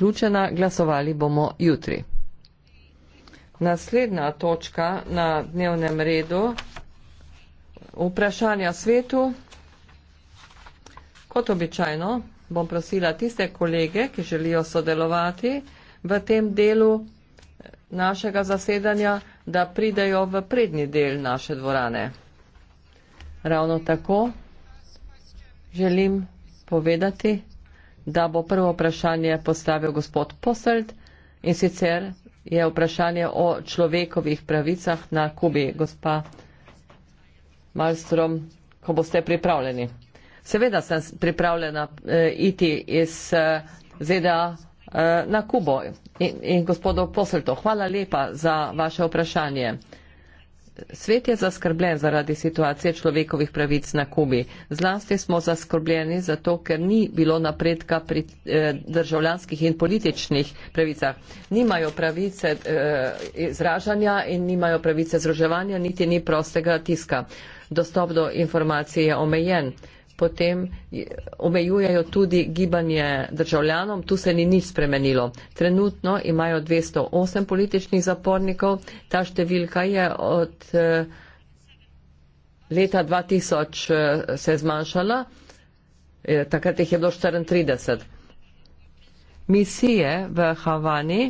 zaključena, glasovali bomo jutri. Naslednja točka na dnevnem redu, vprašanja svetu. Kot običajno bom prosila tiste kolege, ki želijo sodelovati v tem delu našega zasedanja, da pridejo v prednji del naše dvorane. Ravno tako želim povedati, da bo prvo vprašanje postavil gospod Poselt in sicer je vprašanje o človekovih pravicah na Kubi. Gospa Malstrom, ko boste pripravljeni. Seveda sem pripravljena eh, iti iz eh, ZDA eh, na Kubo in, in gospodu Poselto. Hvala lepa za vaše vprašanje. Svet je zaskrbljen zaradi situacije človekovih pravic na Kubi. Zlasti smo zaskrbljeni zato, ker ni bilo napredka pri eh, državljanskih in političnih pravicah. Nimajo pravice eh, izražanja in nimajo pravice združevanja, niti ni prostega tiska. Dostop do informacij je omejen potem omejujejo tudi gibanje državljanom. Tu se ni nič spremenilo. Trenutno imajo 208 političnih zapornikov. Ta številka je od eh, leta 2000 eh, se zmanjšala. Eh, takrat jih je bilo 34. Misije v Havani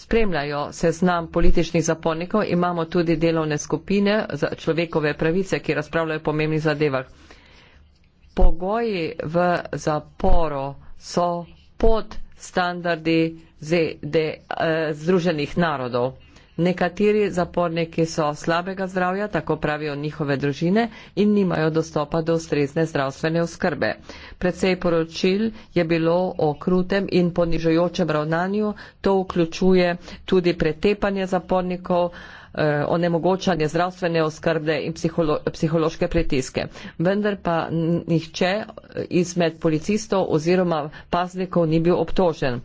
spremljajo seznam političnih zapornikov, imamo tudi delovne skupine za človekove pravice, ki razpravljajo o pomembnih zadevah pogoji v zaporu so pod standardi ZDA, eh, Združenih narodov. Nekateri zaporniki so slabega zdravja, tako pravijo njihove družine, in nimajo dostopa do ustrezne zdravstvene oskrbe. Predvsej poročil je bilo o krutem in ponižujočem ravnanju, to vključuje tudi pretepanje zapornikov, Eh, onemogočanje zdravstvene oskrbe in psiholo psihološke pritiske. Vendar pa nihče izmed policistov oziroma paznikov ni bil obtožen.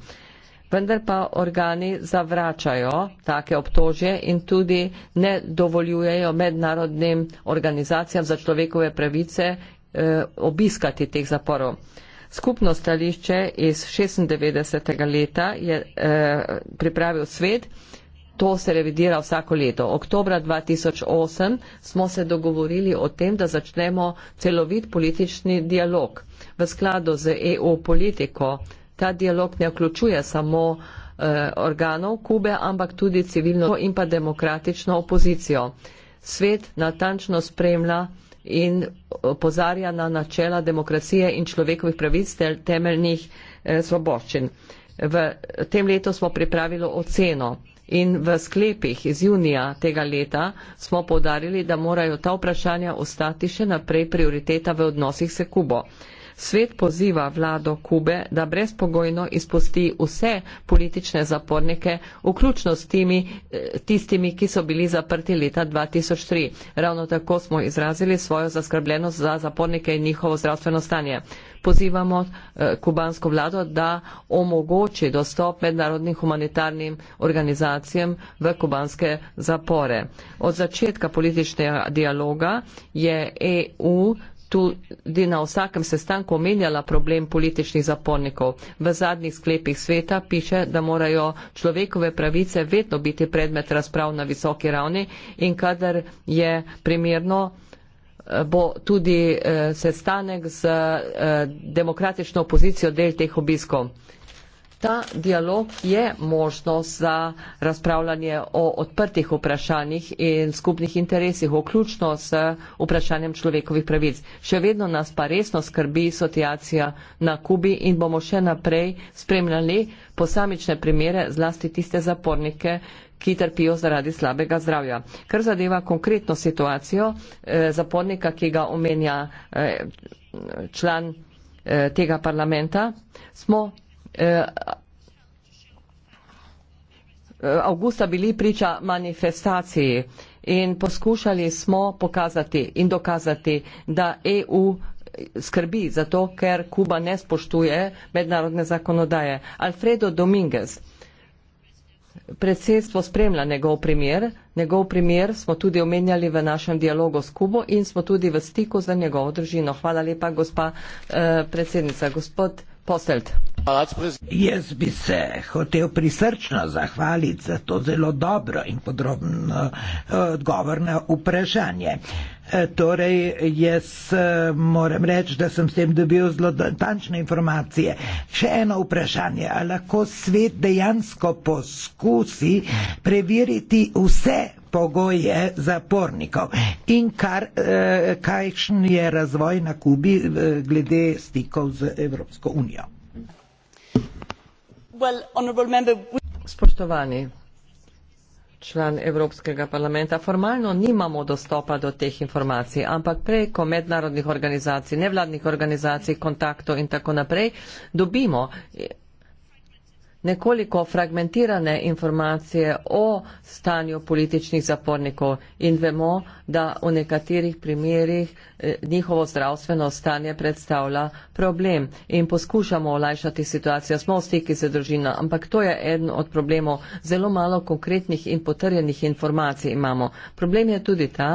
Vendar pa organi zavračajo take obtožje in tudi ne dovoljujejo mednarodnim organizacijam za človekove pravice eh, obiskati teh zaporov. Skupno stališče iz 96. leta je eh, pripravil svet, eh, To se revidira vsako leto. Oktobra 2008 smo se dogovorili o tem, da začnemo celovit politični dialog. V skladu z EU politiko ta dialog ne vključuje samo eh, organov Kube, ampak tudi civilno in pa demokratično opozicijo. Svet natančno spremlja in eh, opozarja na načela demokracije in človekovih pravic ter temeljnih eh, svoboščin. V tem letu smo pripravili oceno In v sklepih iz junija tega leta smo povdarili, da morajo ta vprašanja ostati še naprej prioriteta v odnosih se Kubo. Svet poziva vlado Kube, da brezpogojno izpusti vse politične zapornike, vključno s timi, eh, tistimi, ki so bili zaprti leta 2003. Ravno tako smo izrazili svojo zaskrbljenost za zapornike in njihovo zdravstveno stanje. Pozivamo eh, kubansko vlado, da omogoči dostop mednarodnim humanitarnim organizacijam v kubanske zapore. Od začetka političnega dialoga je EU tudi na vsakem sestanku omenjala problem političnih zapornikov. V zadnjih sklepih sveta piše, da morajo človekove pravice vedno biti predmet razprav na visoki ravni in kadar je primerno, eh, bo tudi eh, sestanek z eh, demokratično opozicijo del teh obiskov. Ta dialog je možnost za razpravljanje o odprtih vprašanjih in skupnih interesih, vključno s vprašanjem človekovih pravic. Še vedno nas pa resno skrbi situacija na Kubi in bomo še naprej spremljali posamične primere, zlasti tiste zapornike, ki trpijo zaradi slabega zdravja. Kar zadeva konkretno situacijo eh, zapornika, ki ga omenja eh, član eh, tega parlamenta, smo Eh, avgusta bili priča manifestaciji in poskušali smo pokazati in dokazati, da EU skrbi za to, ker Kuba ne spoštuje mednarodne zakonodaje. Alfredo Dominguez, predsedstvo spremlja njegov primer, njegov primer smo tudi omenjali v našem dialogu s Kubo in smo tudi v stiku za njegovo držino. Hvala lepa, gospa eh, predsednica, gospod Poselt. Jaz bi se hotel prisrčno zahvaliti za to zelo dobro in podrobno eh, odgovor na vprašanje. Eh, torej, jaz eh, moram reči, da sem s tem dobil zelo tančne informacije. Še eno vprašanje, ali lahko svet dejansko poskusi preveriti vse pogoje zapornikov in kar, kakšen je razvoj na Kubi glede stikov z Evropsko unijo? spoštovani član evropskega parlamenta formalno nimamo dostopa do teh informacij ampak preko mednarodnih organizacij nevladnih organizacij kontaktov in tako naprej dobimo informacije o tem kaj se dogaja v tej državi nekoliko fragmentirane informacije o stanju političnih zapornikov in vemo, da v nekaterih primerjih eh, njihovo zdravstveno stanje predstavlja problem in poskušamo olajšati situacijo. Smo v stiki z družino, ampak to je eden od problemov. Zelo malo konkretnih in potrjenih informacij imamo. Problem je tudi ta,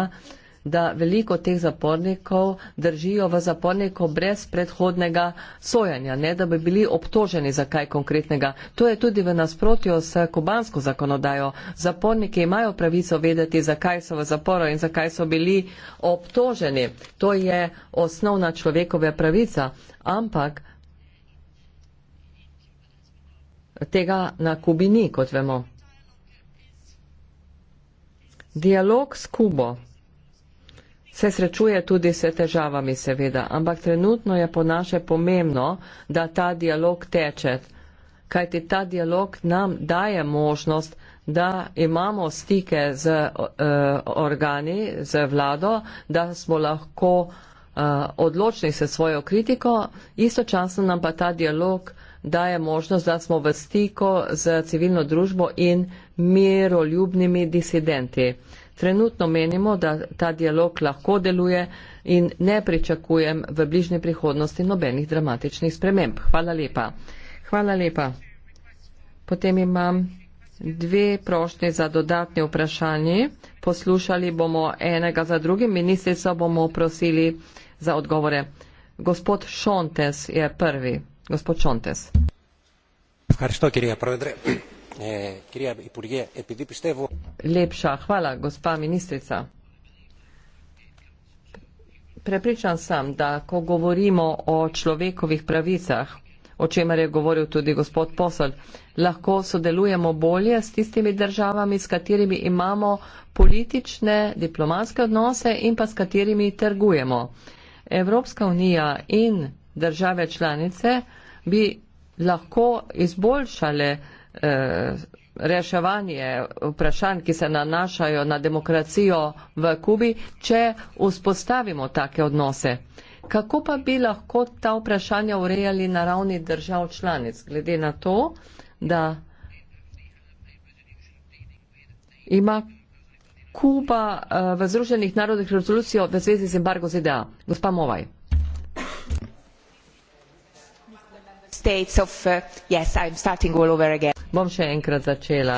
da veliko teh zapornikov držijo v zaporniku brez predhodnega sojanja, ne da bi bili obtoženi za kaj konkretnega. To je tudi v nasprotju s kubansko zakonodajo. Zaporniki imajo pravico vedeti, zakaj so v zaporu in zakaj so bili obtoženi. To je osnovna človekova pravica. Ampak tega na Kubi ni, kot vemo. Dialog s Kubo se srečuje tudi s težavami, seveda, ampak trenutno je po naše pomembno, da ta dialog teče, kajti ta dialog nam daje možnost, da imamo stike z uh, organi, z vlado, da smo lahko uh, odločni se svojo kritiko, istočasno nam pa ta dialog daje možnost, da smo v stiku z civilno družbo in miroljubnimi disidenti. Trenutno menimo, da ta dialog lahko deluje in ne pričakujem v bližnji prihodnosti nobenih dramatičnih sprememb. Hvala lepa. Hvala lepa. Potem imam dve prošnje za dodatni vprašanji. Poslušali bomo enega za drugim. Ministrico bomo prosili za odgovore. Gospod Šontes je prvi. Gospod Šontes. Kar što, kjer je prvi. Lepša hvala, gospa ministrica. Prepričan sem, da ko govorimo o človekovih pravicah, o čemer je govoril tudi gospod posel, lahko sodelujemo bolje s tistimi državami, s katerimi imamo politične, diplomatske odnose in pa s katerimi trgujemo. Evropska unija in države članice bi lahko izboljšale Eh, reševanje vprašanj, ki se nanašajo na demokracijo v Kubi, če vzpostavimo take odnose. Kako pa bi lahko ta vprašanja urejali na ravni držav članic, glede na to, da ima Kuba eh, v Združenih narodih rezolucijo v zvezi z embargo ZDA? Gospa Movaj. States of, uh, yes, I'm starting all over again bom še enkrat začela.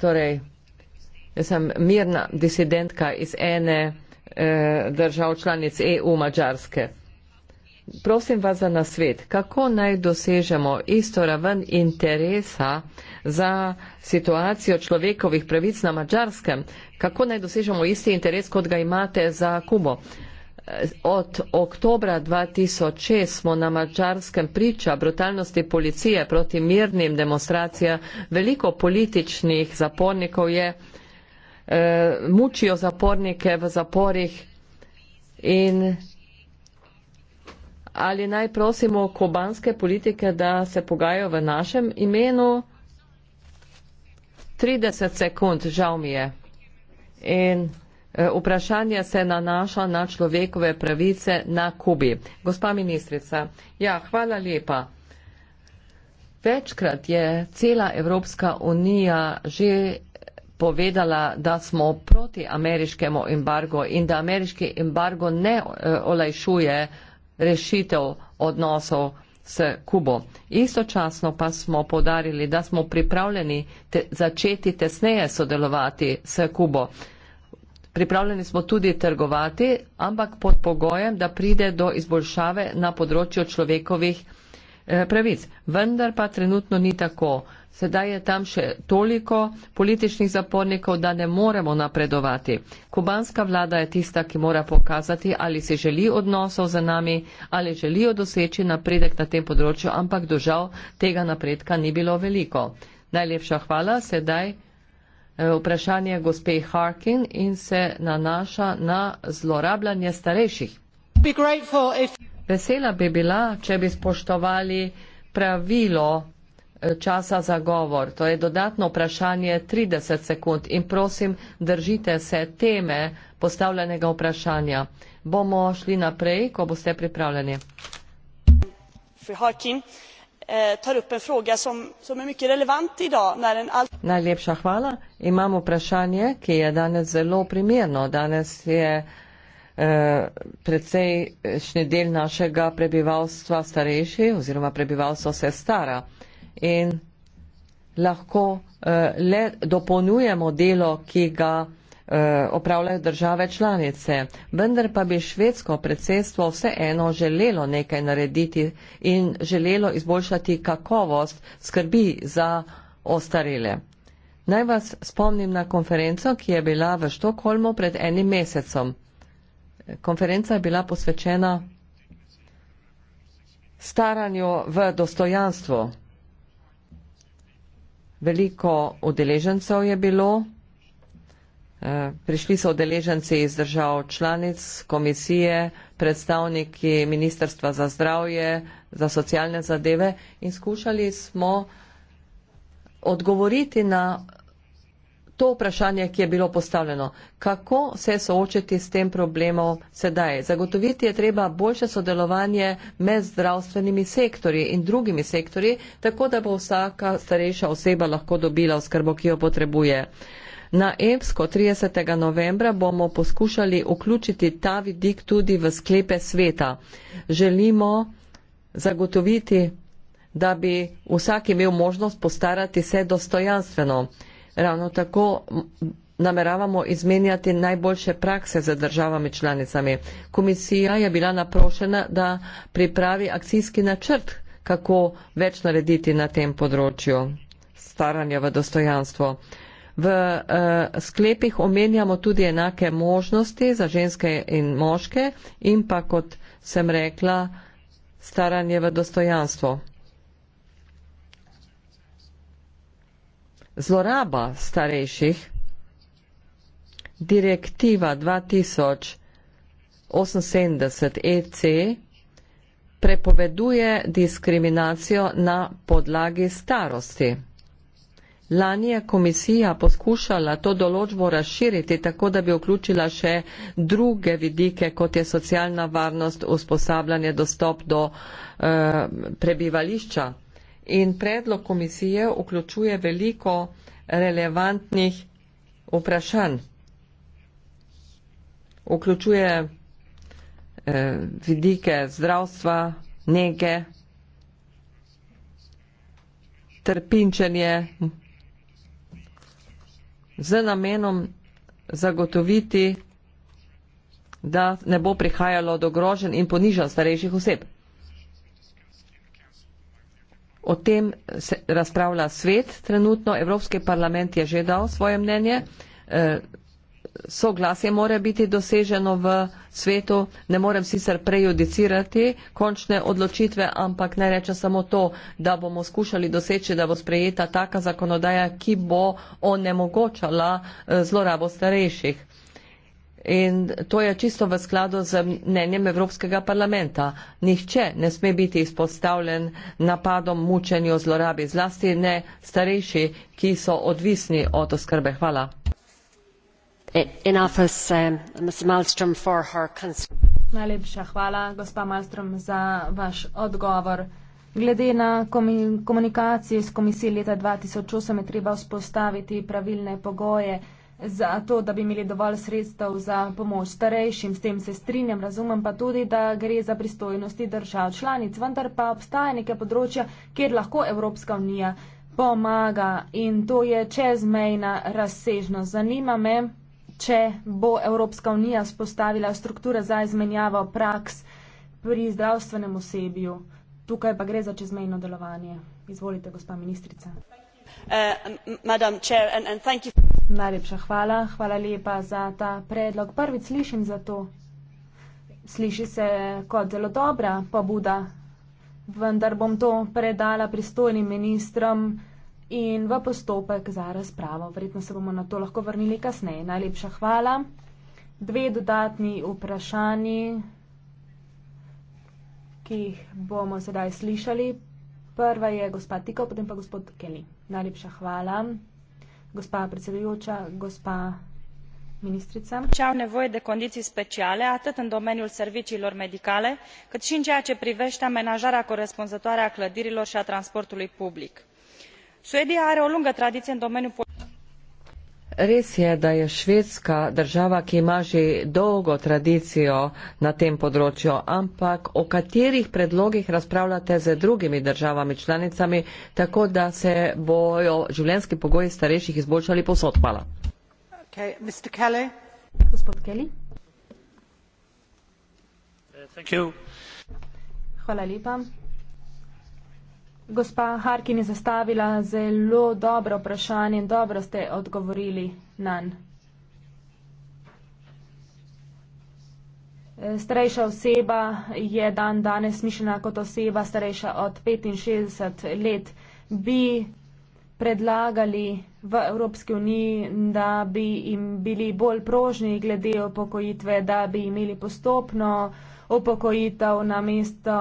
Torej, jaz sem mirna disidentka iz ene eh, držav članic EU Mačarske. Prosim vas za nasvet, kako naj dosežemo isto raven interesa za situacijo človekovih pravic na Mačarskem, kako naj dosežemo isti interes, kot ga imate za Kubo. Eh, od oktobra 2006 smo na mačarskem priča brutalnosti policije proti mirnim demonstracijam. Veliko političnih zapornikov je, eh, mučijo zapornike v zaporih in ali naj prosimo kubanske politike, da se pogajajo v našem imenu. 30 sekund, žal mi je. In Eh, vprašanje se nanaša na človekove pravice na Kubi. Gospa ministrica, ja, hvala lepa. Večkrat je cela Evropska unija že povedala, da smo proti ameriškemu embargo in da ameriški embargo ne eh, olajšuje rešitev odnosov s Kubo. Istočasno pa smo podarili, da smo pripravljeni te, začeti tesneje sodelovati s Kubo. Pripravljeni smo tudi trgovati, ampak pod pogojem, da pride do izboljšave na področju človekovih eh, pravic. Vendar pa trenutno ni tako. Sedaj je tam še toliko političnih zapornikov, da ne moremo napredovati. Kubanska vlada je tista, ki mora pokazati, ali si želi odnosov z nami, ali želijo doseči napredek na tem področju, ampak dožal tega napredka ni bilo veliko. Najlepša hvala. Sedaj Eh, vprašanje gospe Harkin in se nanaša na zlorabljanje starejših. Vesela bi bila, če bi spoštovali pravilo eh, časa za govor. To je dodatno vprašanje 30 sekund in prosim, držite se teme postavljenega vprašanja. Bomo šli naprej, ko boste pripravljeni. Eh, tar upp en fråga som, som är mycket relevant idag när en allt... Najlepša hvala. Imamo vprašanje, ki je danes zelo primerno. Danes je eh, precejšnji del našega prebivalstva starejši oziroma prebivalstvo se stara in lahko eh, le dopolnjujemo delo, ki ga Eh, opravljajo države članice. Vendar pa bi švedsko predsedstvo vseeno želelo nekaj narediti in želelo izboljšati kakovost skrbi za ostarele. Naj vas spomnim na konferenco, ki je bila v Štokholmu pred enim mesecem. Konferenca je bila posvečena staranju v dostojanstvu. Veliko udeležencev je bilo. Eh, prišli so odeleženci iz držav članic komisije, predstavniki Ministrstva za zdravje, za socialne zadeve in skušali smo odgovoriti na to vprašanje, ki je bilo postavljeno. Kako se soočiti s tem problemom sedaj? Zagotoviti je treba boljše sodelovanje med zdravstvenimi sektorji in drugimi sektorji, tako da bo vsaka starejša oseba lahko dobila oskrbo, ki jo potrebuje. Na EPSKO 30. novembra bomo poskušali vključiti ta vidik tudi v sklepe sveta. Želimo zagotoviti, da bi vsak imel možnost postarati se dostojanstveno. Ravno tako nameravamo izmenjati najboljše prakse z državami članicami. Komisija je bila naprošena, da pripravi akcijski načrt, kako več narediti na tem področju staranja v dostojanstvo. V uh, sklepih omenjamo tudi enake možnosti za ženske in moške in pa, kot sem rekla, staranje v dostojanstvo. Zloraba starejših, direktiva 2078 EC, prepoveduje diskriminacijo na podlagi starosti. Lani je komisija poskušala to določbo razširiti tako, da bi vključila še druge vidike, kot je socialna varnost, usposabljanje, dostop do uh, prebivališča. In predlog komisije vključuje veliko relevantnih vprašanj. Vključuje uh, vidike zdravstva, nege, trpinčenje z namenom zagotoviti, da ne bo prihajalo do grožen in ponižan starejših oseb. O tem se razpravlja svet trenutno, Evropski parlament je že dal svoje mnenje. Eh, soglasje more biti doseženo v svetu, ne morem sicer prejudicirati končne odločitve, ampak ne rečem samo to, da bomo skušali doseči, da bo sprejeta taka zakonodaja, ki bo onemogočala eh, zlorabo starejših. In to je čisto v skladu z mnenjem Evropskega parlamenta. Nihče ne sme biti izpostavljen napadom, mučenju, zlorabi, zlasti ne starejši, ki so odvisni od oskrbe. Hvala in eh, office um, Ms. Malmstrom for her Najlepša hvala, gospa Malmstrom, za vaš odgovor. Glede na komunikacijo s komisijo leta 2008 je treba vzpostaviti pravilne pogoje za to, da bi imeli dovolj sredstev za pomoč starejšim. S tem se strinjam, razumem pa tudi, da gre za pristojnosti držav članic, vendar pa obstaja neke področja, kjer lahko Evropska unija pomaga in to je čezmejna razsežnost. Zanima me, če bo Evropska unija spostavila strukture za izmenjavo praks pri zdravstvenem osebju. Tukaj pa gre za čezmejno delovanje. Izvolite, gospa ministrica. Uh, Najlepša hvala, hvala lepa za ta predlog. Prvič slišim za to. Sliši se kot zelo dobra pobuda, vendar bom to predala pristojnim ministrom in v postopek za razpravo. Verjetno se bomo na to lahko vrnili kasneje. Najlepša hvala. Dve dodatni vprašanji, ki jih bomo sedaj slišali. Prva je gospa Tiko, potem pa gospod Kelly. Najlepša hvala. Gospa predsedujoča, gospa ministrica. Čau ne voje de condiții speciale, atât în domeniul serviciilor medicale, cât și în ceea ce privește amenajarea corespunzătoare a clădirilor și a transportului public. Švedija are o lungă tradiție în domeniul Res je, da je Švedska država, ki ima že dolgo tradicijo na tem področju, ampak o katerih predlogih razpravljate z drugimi državami članicami, tako da se bojo življenski pogoji starejših izboljšali posod. Hvala. Okay, uh, Hvala lepa. Gospa Harkin je zastavila zelo dobro vprašanje in dobro ste odgovorili na nj. Starejša oseba je dan danes mišljena kot oseba starejša od 65 let. Bi predlagali v Evropski uniji, da bi jim bili bolj prožni glede upokojitve, da bi imeli postopno upokojitev na mesto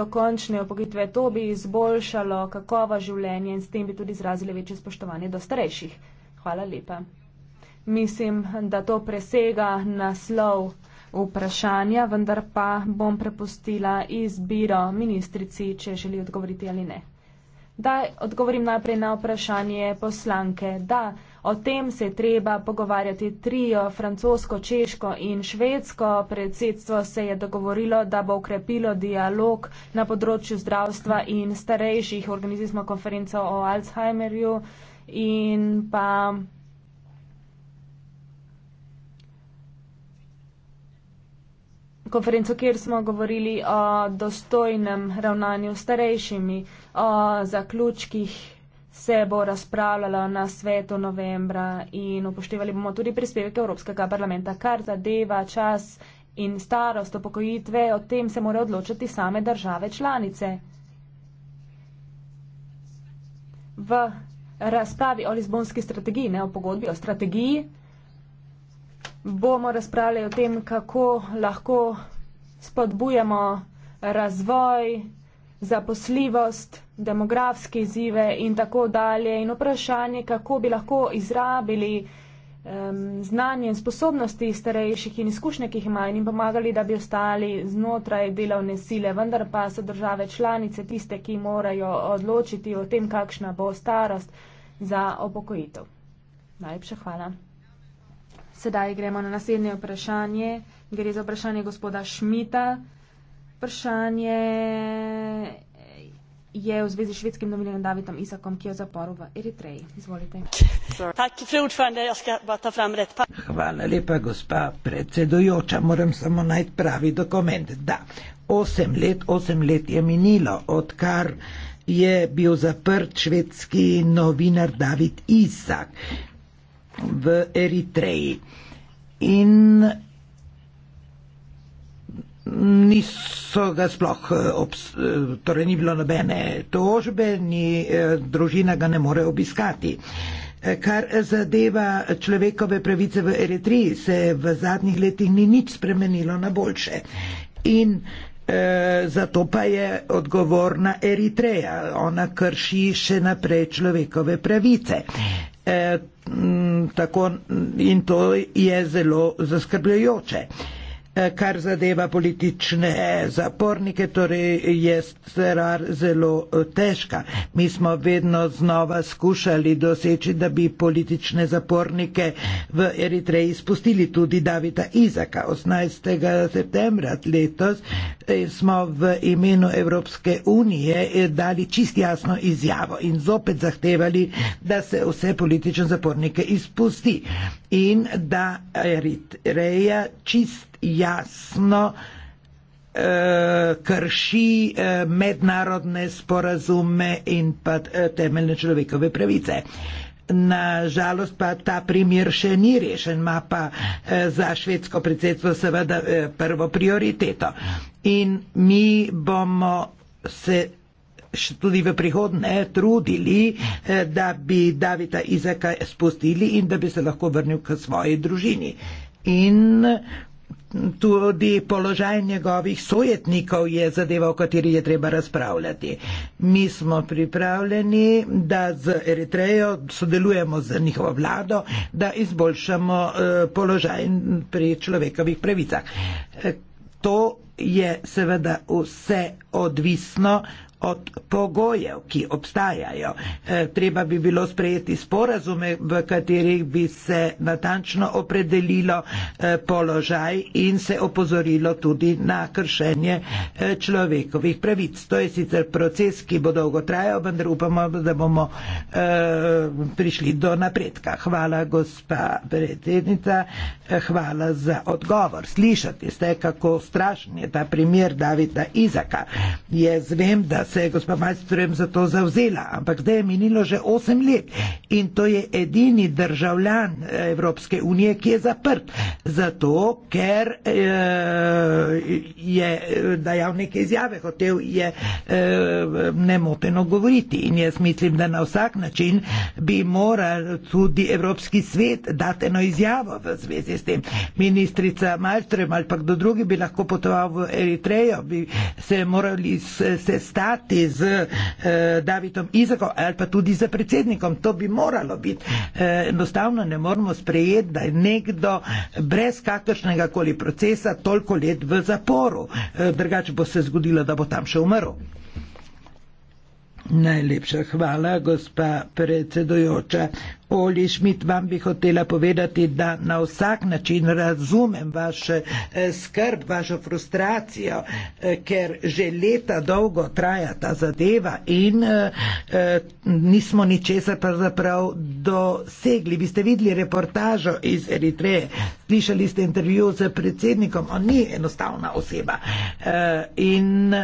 dokončne upokojitve. To bi izboljšalo kakovo življenje in s tem bi tudi izrazili večje spoštovanje do starejših. Hvala lepa. Mislim, da to presega naslov vprašanja, vendar pa bom prepustila izbiro ministrici, če želi odgovoriti ali ne. Da odgovorim najprej na vprašanje poslanke. Da, o tem se je treba pogovarjati trijo, francosko, češko in švedsko. Predsedstvo se je dogovorilo, da bo ukrepilo dialog na področju zdravstva in starejših. Organizirali smo konferenco o Alzheimerju in pa. konferenco, kjer smo govorili o dostojnem ravnanju starejšimi o zaključkih se bo razpravljalo na svetu novembra in upoštevali bomo tudi prispevke Evropskega parlamenta, kar zadeva čas in starost upokojitve, o tem se morajo odločiti same države članice. V razpravi o Lizbonski strategiji, ne o pogodbi, o strategiji, bomo razpravljali o tem, kako lahko spodbujamo razvoj, zaposljivost, demografske izzive in tako dalje in vprašanje, kako bi lahko izrabili um, znanje in sposobnosti starejših in izkušnje, ki jih imajo in pomagali, da bi ostali znotraj delovne sile. Vendar pa so države članice tiste, ki morajo odločiti o tem, kakšna bo starost za opokojitev. Najlepša hvala. Sedaj gremo na naslednje vprašanje. Gre za vprašanje gospoda Šmita. Vprašanje je v zvezi s švedskim novinarjem Davidom Isakom, ki je v zaporu v Eritreji. Izvolite. Hvala lepa, gospa predsedujoča. Moram samo najti pravi dokument. Da, osem let, osem let je minilo, odkar je bil zaprt švedski novinar David Isak v Eritreji. In niso ga sploh, eh, obs, eh, torej ni bilo nobene tožbe, ni eh, družina ga ne more obiskati. Kar zadeva človekove pravice v Eritriji, se v zadnjih letih ni nič spremenilo na boljše. In e, zato pa je odgovorna Eritreja. Ona krši še naprej človekove pravice. E, tako, in to je zelo zaskrbljujoče. E, Eh, kar zadeva politične zapornike, torej je stvar zelo eh, težka. Mi smo vedno znova skušali doseči, da bi politične zapornike v Eritreji spustili tudi Davida Izaka. 18. septembra letos eh, smo v imenu Evropske unije dali čist jasno izjavo in zopet zahtevali, da se vse politične zapornike izpusti in da Eritreja čist jasno eh, krši eh, mednarodne sporazume in pa eh, temeljne človekove pravice. Na žalost pa ta primer še ni rešen, ima pa za švedsko predsedstvo seveda prvo prioriteto. In mi bomo se še tudi v prihodnje trudili, da bi Davida Izaka spustili in da bi se lahko vrnil k svoji družini. In tudi položaj njegovih sojetnikov je zadeva, o kateri je treba razpravljati. Mi smo pripravljeni, da z Eritrejo sodelujemo z njihovo vlado, da izboljšamo eh, položaj pri človekovih pravicah. Eh, to je seveda vse odvisno od pogojev, ki obstajajo. E, treba bi bilo sprejeti sporazume, v katerih bi se natančno opredelilo e, položaj in se opozorilo tudi na kršenje e, človekovih pravic. To je sicer proces, ki bo dolgo trajal, vendar upamo, da bomo prišli do napredka. Hvala, gospa predsednica, hvala za odgovor. Slišati ste, kako strašen je ta primer Davida Izaka. Jaz vem, da se se je gospa Majstrujem za to zauzela, ampak zdaj je minilo že 8 let in to je edini državljan eh, Evropske unije, ki je zaprt. Zato, ker e, je eh, dajal neke izjave, hotel je e, nemoteno govoriti. In jaz mislim, da na vsak način bi moral tudi Evropski svet dati eno izjavo v zvezi s tem. Ministrica Majstrujem ali pa kdo drugi bi lahko potoval v Eritrejo, bi se morali sestati hkrati z eh, Davidom Izakom ali pa tudi z predsednikom. To bi moralo biti. Eh, enostavno ne moramo sprejeti, da je nekdo brez kakršnega koli procesa toliko let v zaporu. Eh, drugače bo se zgodilo, da bo tam še umrl. Najlepša hvala, gospa predsedujoča. Oli Šmit, vam bi hotela povedati, da na vsak način razumem vašo eh, skrb, vašo frustracijo, eh, ker že leta dolgo traja ta zadeva in eh, nismo ničesar pravzaprav dosegli. Vi ste videli reportažo iz Eritreje, slišali ste intervju z predsednikom, on ni enostavna oseba. In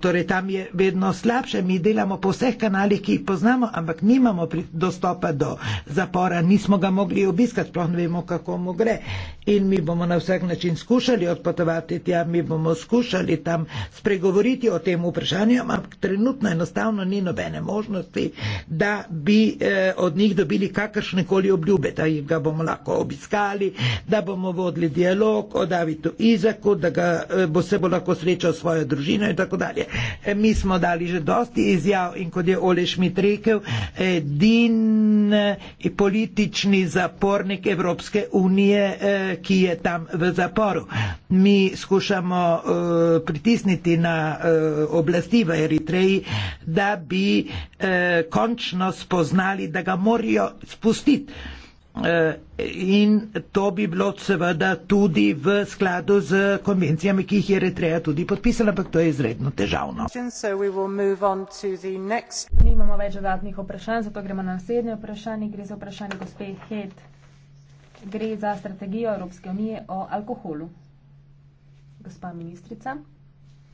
torej tam je vedno slabše, mi delamo po vseh kanalih, ki jih poznamo, ampak nimamo dostopa pa do zapora nismo ga mogli obiskati, sploh ne vemo, kako mu gre. In mi bomo na vsak način skušali odpotovati tja, mi bomo skušali tam spregovoriti o tem vprašanju, ampak trenutno enostavno ni nobene možnosti, da bi eh, od njih dobili kakršne koli obljube, da jih bomo lahko obiskali, da bomo vodili dialog o Davidu Izaku, da ga, eh, bo se bo lahko srečal s svojo družino in tako dalje. E, mi smo dali že dosti izjav in kot je Ole Šmit rekel, eh, din in politični zapornik Evropske unije, eh, ki je tam v zaporu. Mi skušamo eh, pritisniti na eh, oblasti v Eritreji, da bi končno spoznali, da ga morajo spustiti. Eh, in to bi bilo seveda tudi v skladu z konvencijami, ki jih je Eritreja tudi podpisala, ampak to je izredno težavno. Nimamo več dodatnih vprašanj, zato gremo na naslednje vprašanje. Gre za vprašanje gospe Het. Gre za strategijo Evropske unije o alkoholu. Gospa ministrica,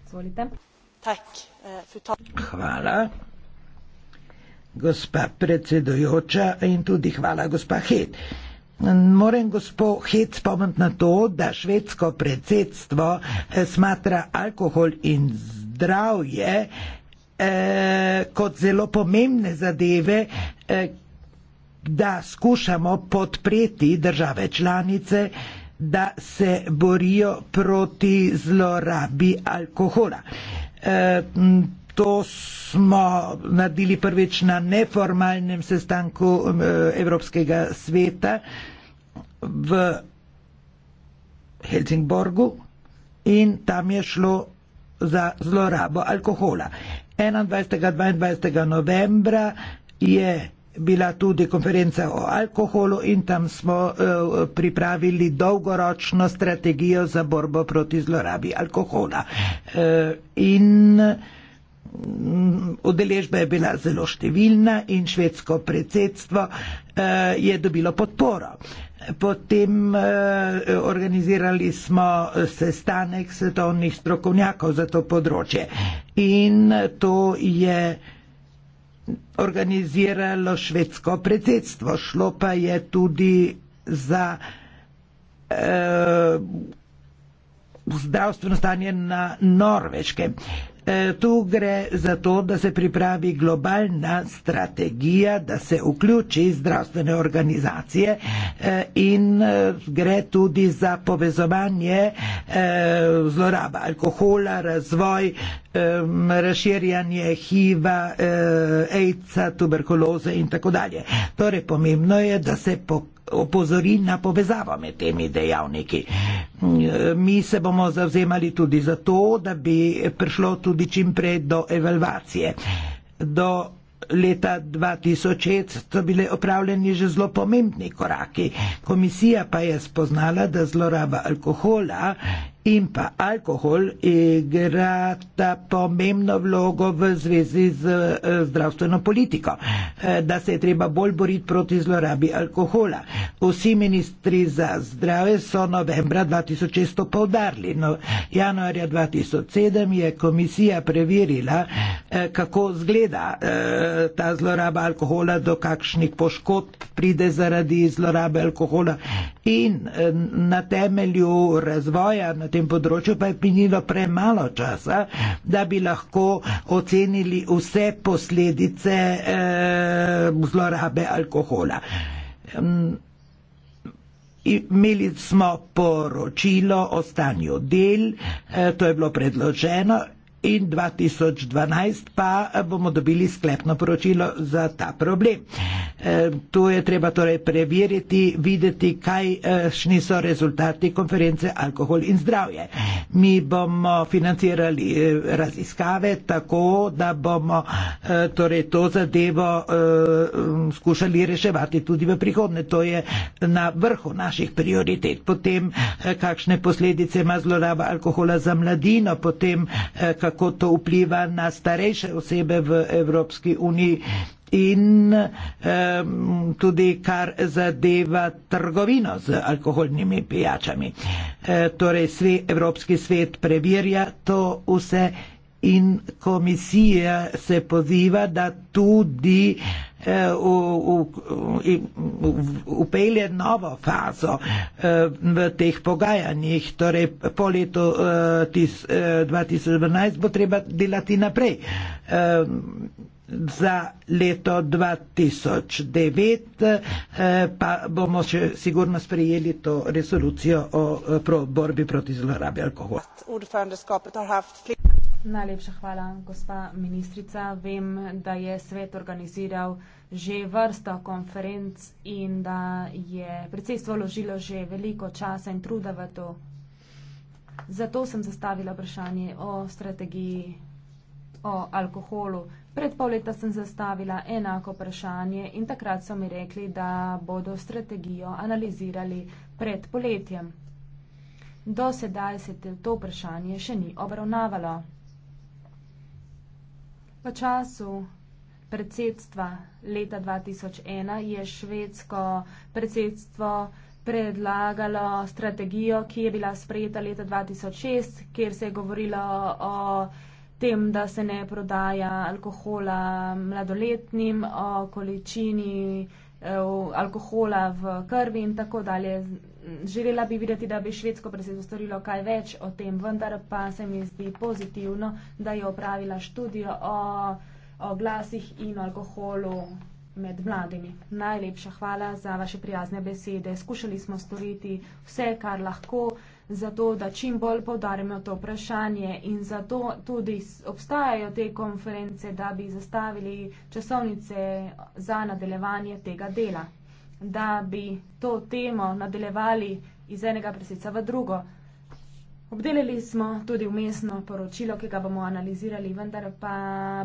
izvolite. Eh, Hvala gospa predsedujoča in tudi hvala, gospa Het. Moram gospo Het spomniti na to, da švedsko predsedstvo eh, smatra alkohol in zdravje eh, kot zelo pomembne zadeve. Eh, da skušamo podpreti države članice, da se borijo proti zlorabi alkohola. E, To smo naredili prvič na neformalnem sestanku um, e, Evropskega sveta v Helsingborgu in tam je šlo za zlorabo alkohola. 21. 22. novembra je bila tudi konferenca o alkoholu in tam smo uh, pripravili dolgoročno strategijo za borbo proti zlorabi alkohola. Uh, in uh, Odeležba je bila zelo številna in švedsko predsedstvo eh, je dobilo podporo. Potem eh, organizirali smo eh, sestanek svetovnih strokovnjakov za to področje in to je organiziralo švedsko predsedstvo. Šlo pa je tudi za zdravstveno stanje na Norveškem. E, tu gre za to, da se pripravi globalna strategija, da se vključi zdravstvene organizacije e, in e, gre tudi za povezovanje zloraba alkohola, razvoj, razširjanje HIV-a, AIDS-a, tuberkuloze in tako dalje. Torej, pomembno je, da se pokaže, opozori na povezavo med temi dejavniki. Mi se bomo zavzemali tudi za to, da bi prišlo tudi čim prej do evalvacije. Do leta 2006 so bile opravljeni že zelo pomembni koraki. Komisija pa je spoznala, da zloraba alkohola in pa alkohol igrata pomembno vlogo v zvezi z eh, zdravstveno politiko, eh, da se je treba bolj boriti proti zlorabi alkohola. Vsi ministri za zdrave so novembra 2006 povdarili. No, januarja 2007 je komisija preverila, eh, kako zgleda ta zloraba alkohola, do kakšnih poškodb pride zaradi zlorabe alkohola in na temelju razvoja, na tem področju pa je minilo premalo časa, da bi lahko ocenili vse posledice eh, zlorabe alkohola. Imeli smo poročilo o stanju del, eh, to je bilo predloženo in 2012 pa eh, bomo dobili sklepno poročilo za ta problem. Eh, to je treba torej preveriti, videti, kaj eh, šni so rezultati konference Alkohol in zdravje. Mi bomo financirali raziskave tako, da bomo torej to zadevo skušali reševati tudi v prihodne. To je na vrhu naših prioritet. Potem, kakšne posledice ima zloraba alkohola za mladino, potem, kako kako to vpliva na starejše osebe v Evropski uniji in eh, tudi kar zadeva trgovino z alkoholnimi pijačami. Eh, torej, svi Evropski svet preverja to vse in komisija se poziva, da tudi eh, upelje novo fazo eh, v teh pogajanjih, torej po letu 2012 eh, bo treba delati naprej. Za leto 2009 pa bomo še sigurno sprejeli to resolucijo o borbi proti zlorabi alkohola. Najlepša hvala, gospa ministrica. Vem, da je svet organiziral že vrsto konferenc in da je predsedstvo vložilo že veliko časa in truda v to. Zato sem zastavila vprašanje o strategiji o alkoholu. Pred pol leta sem zastavila enako vprašanje in takrat so mi rekli, da bodo strategijo analizirali pred poletjem. Do sedaj se to vprašanje še ni obravnavalo. V času predsedstva leta 2001 je švedsko predsedstvo predlagalo strategijo, ki je bila sprejeta leta 2006, kjer se je govorilo o tem, da se ne prodaja alkohola mladoletnim, o količini eh, alkohola v krvi in tako dalje. Želela bi videti, da bi švedsko predsedstvo storilo kaj več o tem, vendar pa se mi zdi pozitivno, da je opravila študijo o, o glasih in alkoholu med mladimi. Najlepša hvala za vaše prijazne besede. Skušali smo storiti vse, kar lahko, zato, da čim bolj podarimo to vprašanje in zato tudi obstajajo te konference, da bi zastavili časovnice za nadaljevanje tega dela da bi to temo nadaljevali iz enega preseca v drugo. Obdelali smo tudi umestno poročilo, ki ga bomo analizirali, vendar pa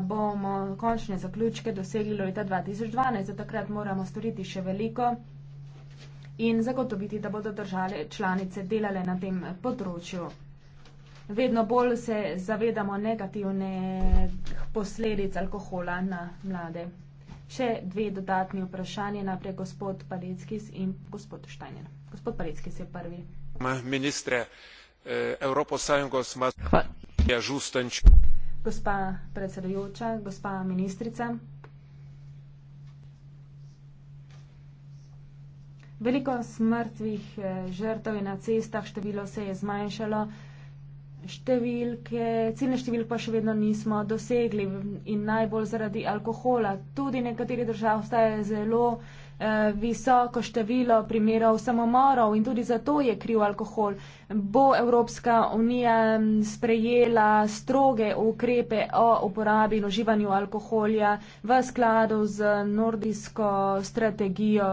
bomo končne zaključke dosegli leta 2012. Za takrat moramo storiti še veliko in zagotoviti, da bodo države članice delale na tem področju. Vedno bolj se zavedamo negativnih posledic alkohola na mlade. Še dve dodatni vprašanje, naprej gospod Paleckis in gospod Štajnjen. Gospod Paleckis je prvi. Ministre, eh, Evropo sajungo smo je ja, žustanč. Gospa predsedujoča, gospa ministrica. Veliko smrtvih eh, žrtev je na cestah, število se je zmanjšalo številke, ciljne številke pa še vedno nismo dosegli in najbolj zaradi alkohola. Tudi nekateri držav ostaje zelo eh, visoko število primerov samomorov in tudi zato je kriv alkohol. Bo Evropska unija sprejela stroge ukrepe o uporabi in uživanju alkoholja v skladu z nordijsko strategijo